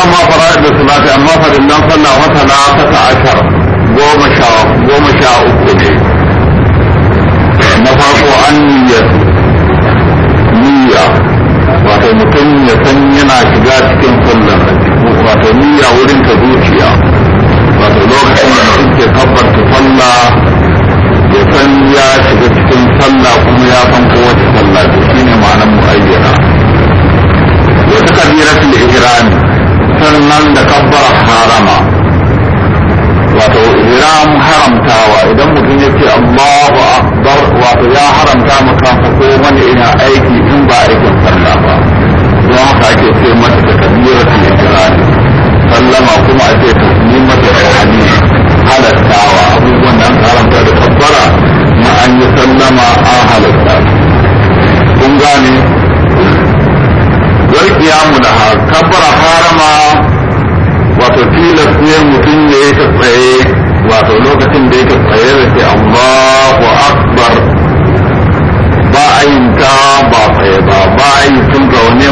amma fara'id salati amma farillan sallah wata na ta ashar goma sha uku ne na farko an niyyar niyya wato mutum ya san yana shiga cikin sallar wato niyya wurin ta zuciya wato lokacin da mutum ke kabbarta sallah ya san ya shiga cikin sallah kuma ya san kowace shine ma'anar mu'ayyana wata sannan da kabbara harama wato ihram haramtawa idan mutum ya ce Allahu akbar wato ya haramta maka ko wani ina aiki in ba aikin sallah ba don haka ake ce mata da kabiratul ihram sallama kuma ake taslimatu al-hadi halattawa abubuwan da aka haramta da kabbara ma an yi sallama an halatta kun gane wal qiyamu laha kabbara harama wato tilas ne mutum ya yi ta tsaye wato lokacin da yake tsaye da ke Allahu akbar ba a yin ta ba tsaye ba ba a yi tun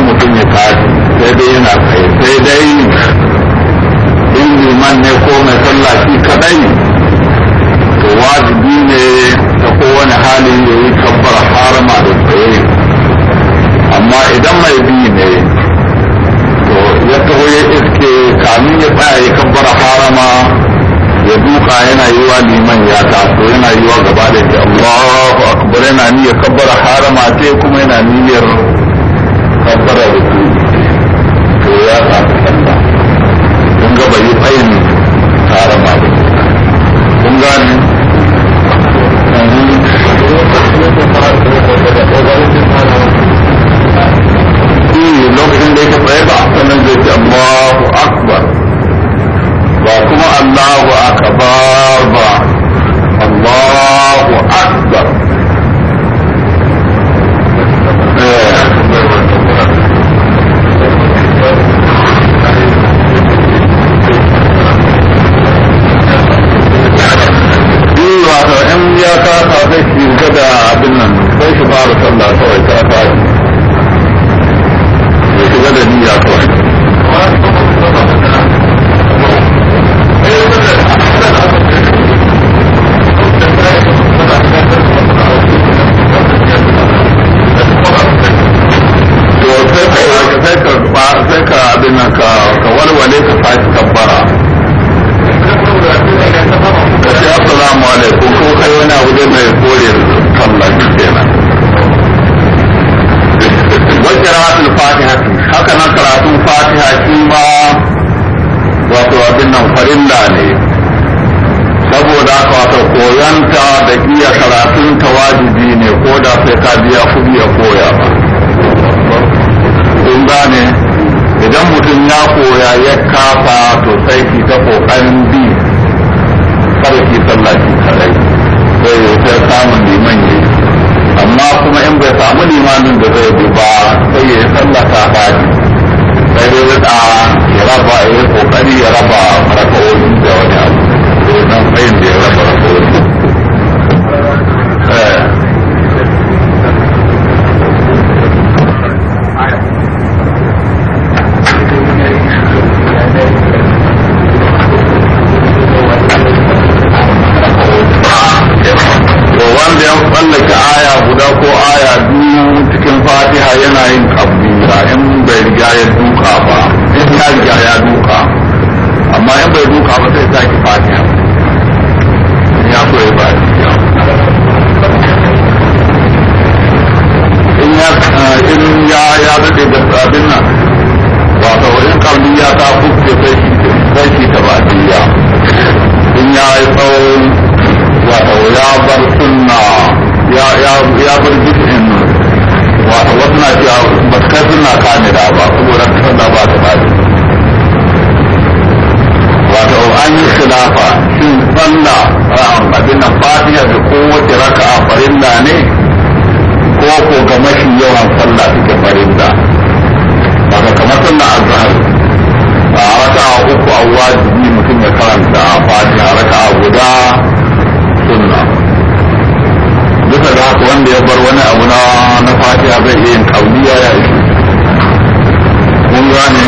mutum ya tashi sai dai yana tsaye sai dai in liman ne ko mai kaɗai shi kadai to wajibi ne ta kowane halin ya yi kabbar ma da tsaye amma idan mai bi ne to ya taho ya iske kamin ya tsaya ya kabbara harama ya duka yana yi wa liman ya to yana yi wa gaba da ke Allahu akbar yana niyyar kabbara harama ce kuma yana niyyar kabbara da to ya taso sallah kun ga bai yi fayin harama ba kun gane ya kuɗi ya koya ba kun gane idan mutum ya koya ya kafa to sai ki ta kokarin bi kada ki kadai sai ya ta samun liman amma kuma in bai samu limamin da zai bi ba sai ya sallaka ta faɗi sai dai rika ya raba ya kokari ya raba rakawoyi da wani abu sai da ya tsallaka aya guda ko aya biyu cikin fatiha yana yin kabila in bai riga ya duka ba in ya riga ya duka amma in bai duka ba sai sake fatiha ya koya ba in ya in ya eh, ya dade da abin nan wato wajen kabila ta fuske sai shi sai shi ta ba in ya yi tsawon wato ya bar sunna ya bar bid'in wato wasu na cewa ba su kai da kamila ba saboda sunna ba ta ba wato an yi khilafa shin sallah abin nan fatiha da kowace raka'a farinda ne ko ko ga mashi yawan sallah take farilla daga kamar sallah azhar a wata uku a wajibi mutum ya karanta fatiha raka'a guda sunna duka da haka wanda ya bar wani abu na na fatiha zai iya yin kauliya ya yi mun gane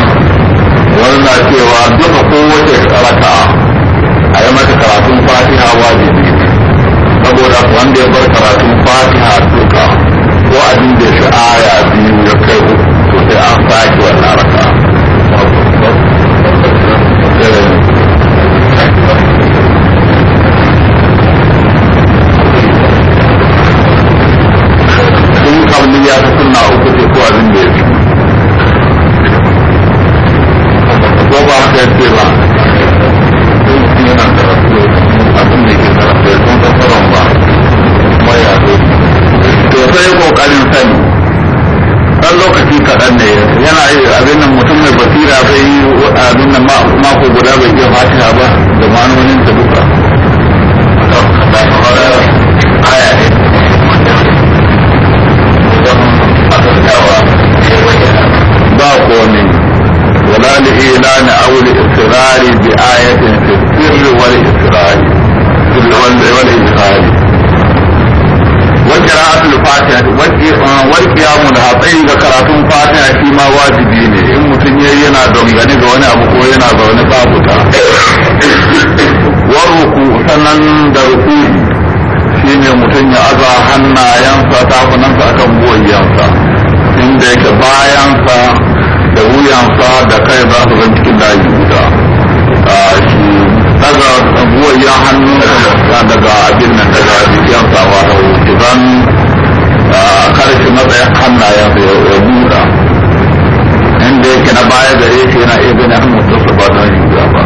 wani na cewa duka kowace raka'a a yi mata karatun fatiha wajibi saboda wanda ya bar karatun fatiha duka ko abin da shi aya biyu ya kai uku to sai an sake wannan wani lokaci kaɗan ne yana abin nan mutum mai basira bai yi abin nan mako guda bai iya fatiha ba da manonin ta duka ba komi wala li ilani aw li israri bi ayatin fi sirri wal israri wal israri وقراءة الفاتحة والقيام لها tsayi ga karatun fatiha shi ma wajibi ne in mutum ya yana dangane da wani abu ko yana zaune babu ta warruku sannan da ruku shi ne mutum ya aza hannayensa tafunansa akan buwayensa inda yake bayansa da wuyansa da kai za su zan cikin daji guda shi daga buwayya hannu daga abin nan daga jikin sawa da wuce idan karfi matsayin hannayen da ya buɗa inda yake na baya da yake na iya gani an mutu su ba don shiga ba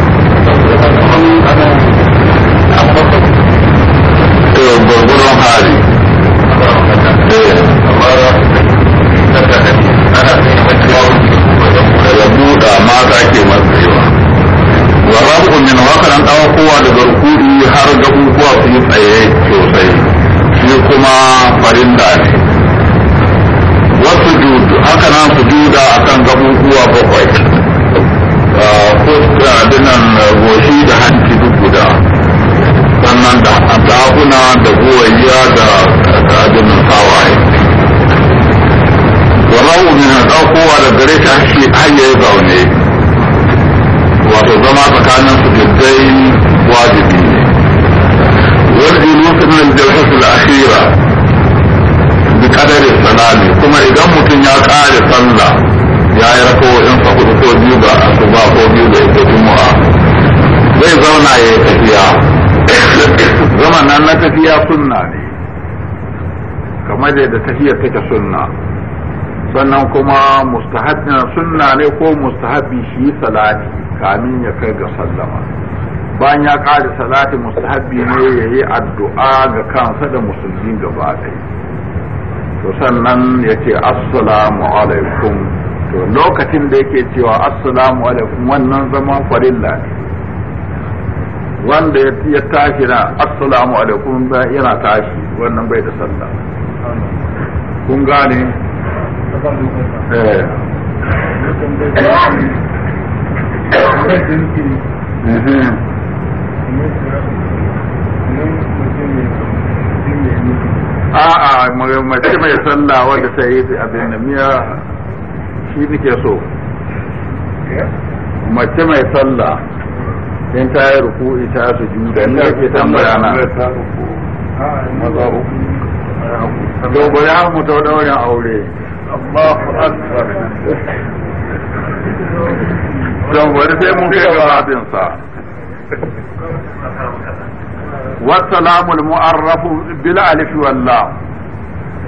gurgurun hari ya yi sa hudu ko biyu ko biyu da ita juma'a zai zauna ya yi tafiya zaman nan na tafiya sunna ne kamar da tafiya take sunna sannan kuma mustahabin sunna ne ko mustahabi shi salati kamin ya kai ga sallama bayan ya kare salati mustahabi ne ya yi addu'a ga kansa da musulmi gaba ɗaya to sannan ya ce assalamu alaikum to lokacin da yake cewa assalamu alaikum wannan zaman farilla ne wanda ya tashi na assalamu alaikum ba yana tashi wannan bai da sallah kun gane eh. a'a mace mai sallah wanda ta yi abin da miya shi suke so mace mai sallah in ta yi ruku ita su da in ke tambaya na dogo ya mutu daurin aure Allahu akbar don wani sai mun kai babin sa wasalamul mu'arrafu bil alif wallah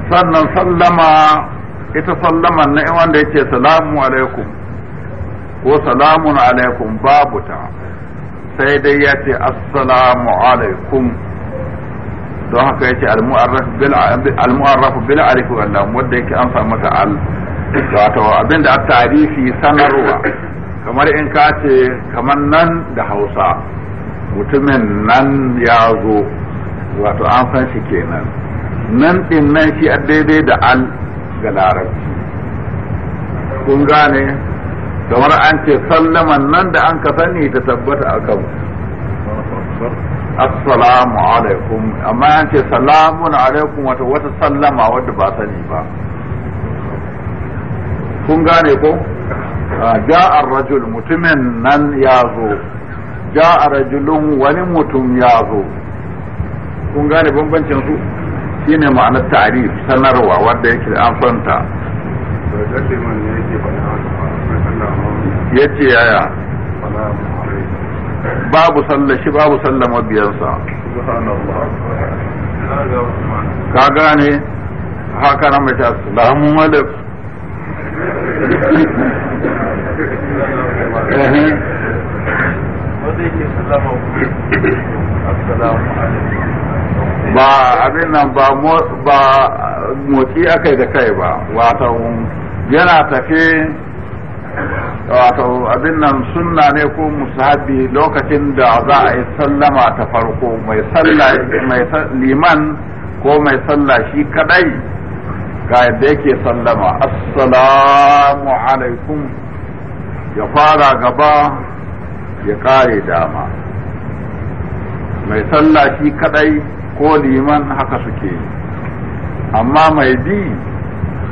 sannan sallama ita sallaman na wanda yake salamu alaikum ko salamun alaikum babu ta sai dai ya ce assalamu alaikum don haka ya ce almu'arrafu bil alifi wallam wanda yake an samu mata al wato abin da tarihi sanarwa kamar in ka ce kamar nan da hausa mutumin nan ya zo wato an san shi kenan nan din nan shi daidai da al ga larabci kun gane kamar an ce sallaman nan da an ka sani ta tabbata a kan assalamu alaikum amma an ce salamun alaikum wata wata sallama wadda ba sani ba kun gane ko a rajul mutumin nan ya zo a rajulun wani mutum ya zo kun gane bambancin su shine ma'anar tarif sanarwa wanda yake an fanta ya ce yaya babu sallar shi babu biyar mabiyansa ka gane haka na mai assalamu malik wanda yake assalamu alaikum ba abin nan ba motsi aka yi da kai ba wato yana tafi wato abin nan sunna ne ko musahabi lokacin da za a yi sallama ta farko mai liman ko mai salla shi kadai ga yadda yake sallama assalamu alaikum ya fara gaba ya kare dama mai salla shi kadai ko liman haka suke amma mai bi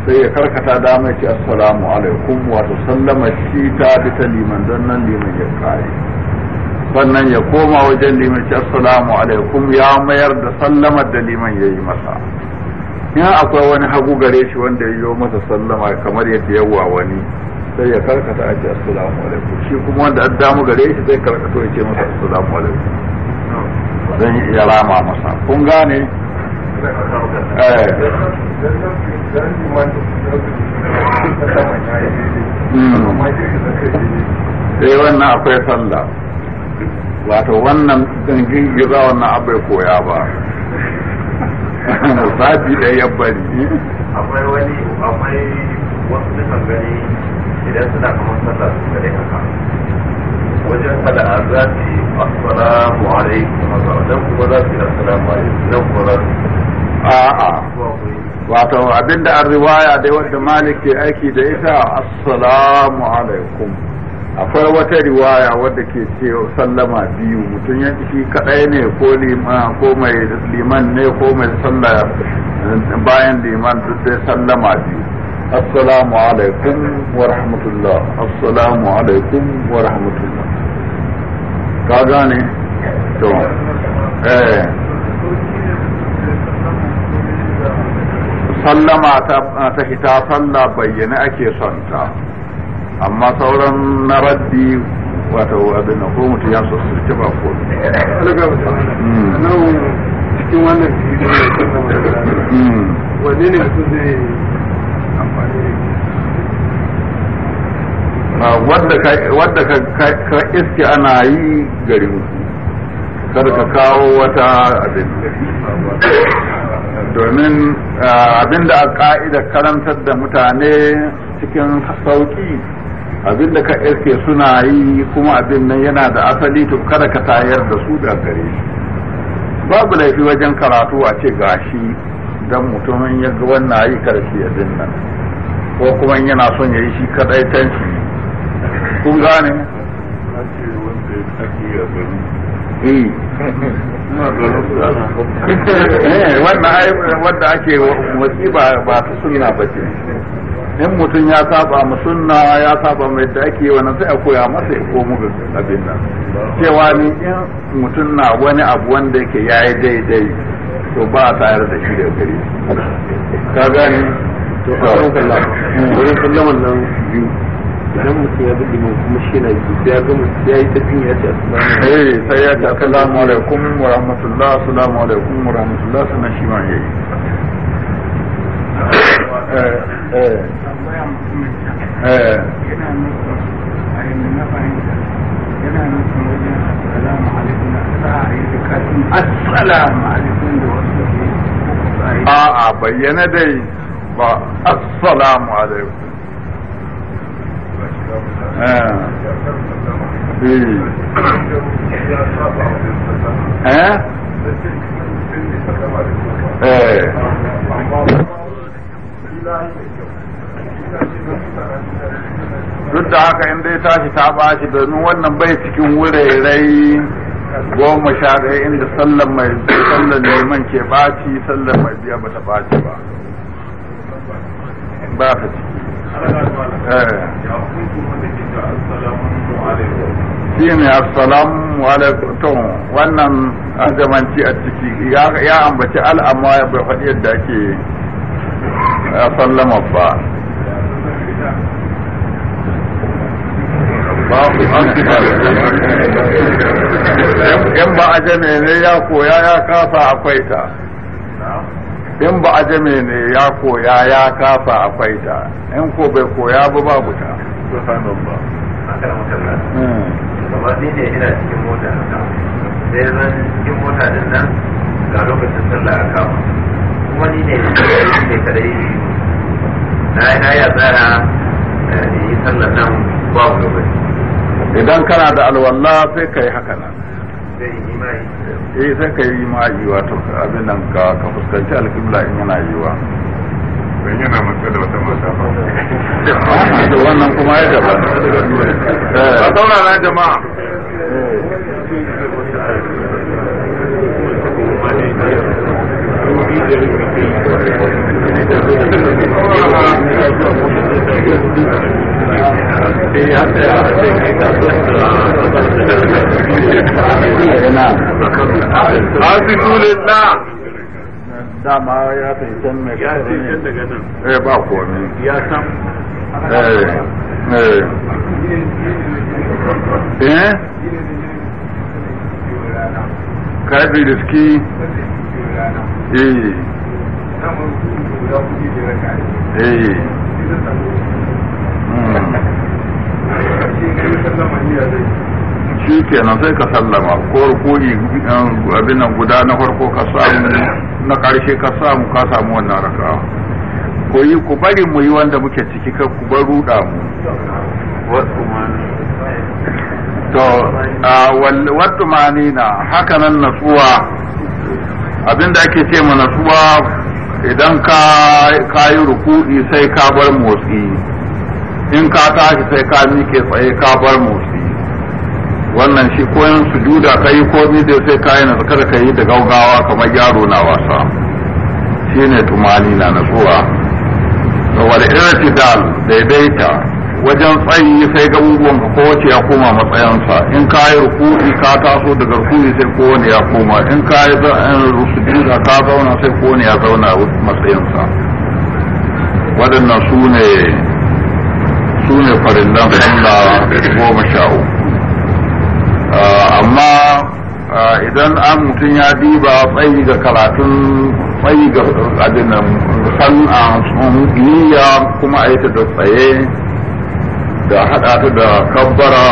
sai ya karkata dama ci assalamu alaikum wato sallama shi ta bi ta liman don nan liman ya kare sannan ya koma wajen liman ci assalamu alaikum ya mayar da sallamar da liman ya yi masa Ina akwai wani hagu gare shi wanda ya yi masa sallama kamar yadda yawa wani sai ya karkata a ce assalamu alaikum shi kuma wanda an damu gare shi zai karkato ya ce masa assalamu alaikum don ya rama masa kun gane eh, hmm. eh wannan akwai sanda wato wannan don girgiza wannan abai koya ba zafi da ya bari akwai wani akwai wasu nukan gani idan suna kamar sallah su kare haka wajen fada'a za su yi assalamu alaikum nan kuma za su yi assalamu alaikum nan kuma za su a'a wato abinda an riwaya dai wanda malik ke aiki da ita assalamu alaikum akwai wata riwaya wadda ke ce sallama biyu mutum ya shi kadai ne ko mai liman ne ko mai sallama bayan liman duk sai sallama biyu assalamu alaikum wa rahmatullah assalamu alaikum wa rahmatullah ka gane to eh sallama ta ta hita sallah bayyana ake son ta amma sauran na raddi wato abin ko mutum ya sosai ba ko hmm. cikin wannan hmm. wani ne mutum Ah, wadda ka iske ana yi garin kada ka kawo wata abin domin ah, abin da a karantar da mutane cikin sauki abin da ka iske suna yi kuma abin nan yana da asali to kada ka tayar da su da gare babu laifi wajen karatu a ce gashi don mutumin ya ga wannan yi karshe abin nan ko kuma yana son ya yi shi kadai kun gane hmm. eh, wannan ai wanda ake wasi ba ta suna ba ce in mutum ya saba mu sunna ya saba mai da ake yi wannan sai a koya masa ya komu ga abin nan cewa ni in mutum na wani abu wanda yake yayi daidai to ba a tayar da shi da gari ka gani to a wurin kallon hmm. wannan biyu idan mutum ya bi liman kuma shi na ya ga mutum ya yi ya ce eh, sai ya ce alaikum wa rahmatullah alaikum wa rahmatullah sannan shi ma yayi eh, eh, a'a bayyana dai ba assalamu alaikum Eh? Eh? duk da haka in dai tashi ta bashi domin wannan bai cikin wurirai goma sha ɗaya inda sallan mai sallan neman ke baci sallan mai biya ba ta baci ba ba ta ciki eh. shine assalamu alaikum to wannan azamanci a ciki ya ambaci al'amma ya bai faɗi yadda ake sallama ba in ba a jame ne ya koya ya kafa akwai ta in ba a jame ne ya koya ya kafa akwai ta in ko bai koya ba babu ta kamar ni ne ina cikin mota haka sai zan cikin mota din nan ga lokacin sallah a kama kuma ni ne ne kadai na na ya tsara eh, ni yi sallar nan babu lokaci idan kana da alwala sai ka yi haka nan eh sai ka yi ma'i wato abin nan ka fuskanci alƙibla in yana yiwa don yana matsa da wata mata ba da wannan kuma ya gaba a saurara jama'a Hasidu dama ya fi can mai kafin ya eh, ba komi ya san eh, eh. kafin riski eh eh eh shi kenan sai ka sallama ko rukuni eh, abin nan guda na farko ka samu na ƙarshe ka samu ka samu wannan rakawa ko yi ku bari mu yi wanda muke ciki ka ku bar ruda mu to wattu na haka nan natsuwa abinda ake ce ma natsuwa idan ka yi rukuni sai ka bar motsi in ka tashi sai ka mike tsaye ka bar motsi wannan shi ko yin sujuda ka yi ko da sai ka kada ka yi da gaugawa kamar yaro na wasa shi ne tumani na wani wal irtidal daidaita wajen tsayi sai gabubuwan ka kowace ya koma matsayansa in ka yi ruku'i ka taso daga ruku'i sai kowane ya koma in ka yi eh, sujuda ka zauna sai kowane ya zauna matsayinsa waɗannan su ne su ne farillan sallah goma sha uku Ah, amma ah, idan an mutum ya diba tsayi ga karatun tsayi ga abin nan san a niyya kuma a yi ta da tsaye da haɗa ta da kabbara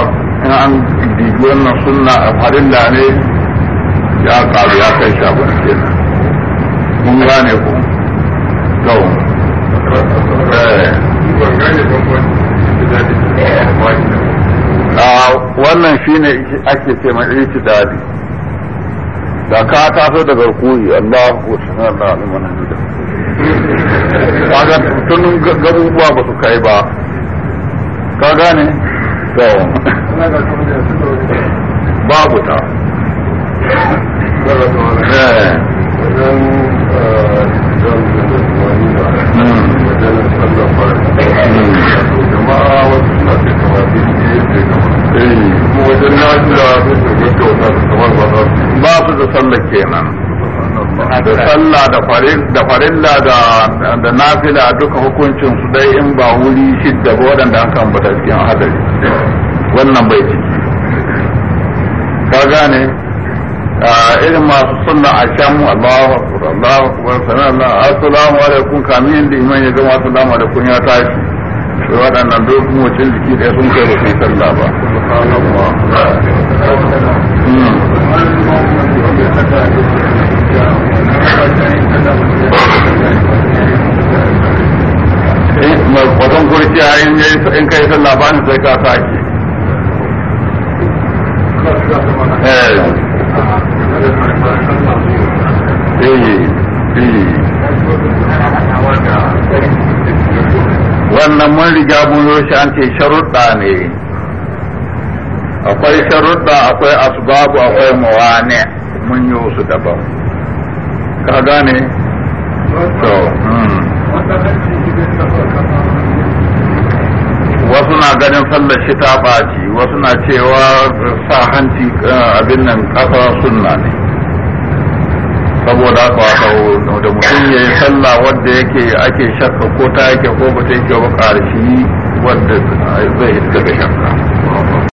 in an dibi wannan suna a farin da ne ya ƙaru ya kai sha kenan mun gane ku to eh gane da wannan shine ake ce mai itidali da ka taso daga rukuyi Allahu subhanahu wa da kaga tun gabubuwa ba su kai ba ka gane to babu ta eh. hmm. Hmm. ba su da kenan duka hukuncin su dai in ba wuri ba waɗanda an kan cikin hadari wannan bai ciki ka gane irin masu sunna a can Allahu akbar Allahu akbar sanan Allah assalamu alaikum kamin da iman ya gama assalamu alaikum ya tashi shi waɗannan duk mutum jiki ɗaya sun kai ba su yi sallah ba hmm. eh, wasan kurciya in kai sallah ba ni sai ka sake eh eh eh, eh. wannan mun riga mun yi shi an ce sharuɗa ne akwai sharuɗa akwai asbabu akwai mawane mun yi wasu daban ka gane to hmm. wasu na ganin sallar shi ta ɓaci wasu na cewa sa hanci eh, abin nan ƙasa sunna ne saboda haka wato da mutum ya yi sallah wadda yake ake shakka ko ta yake ko ba ta yake ba ƙarshi wadda zai daga shakka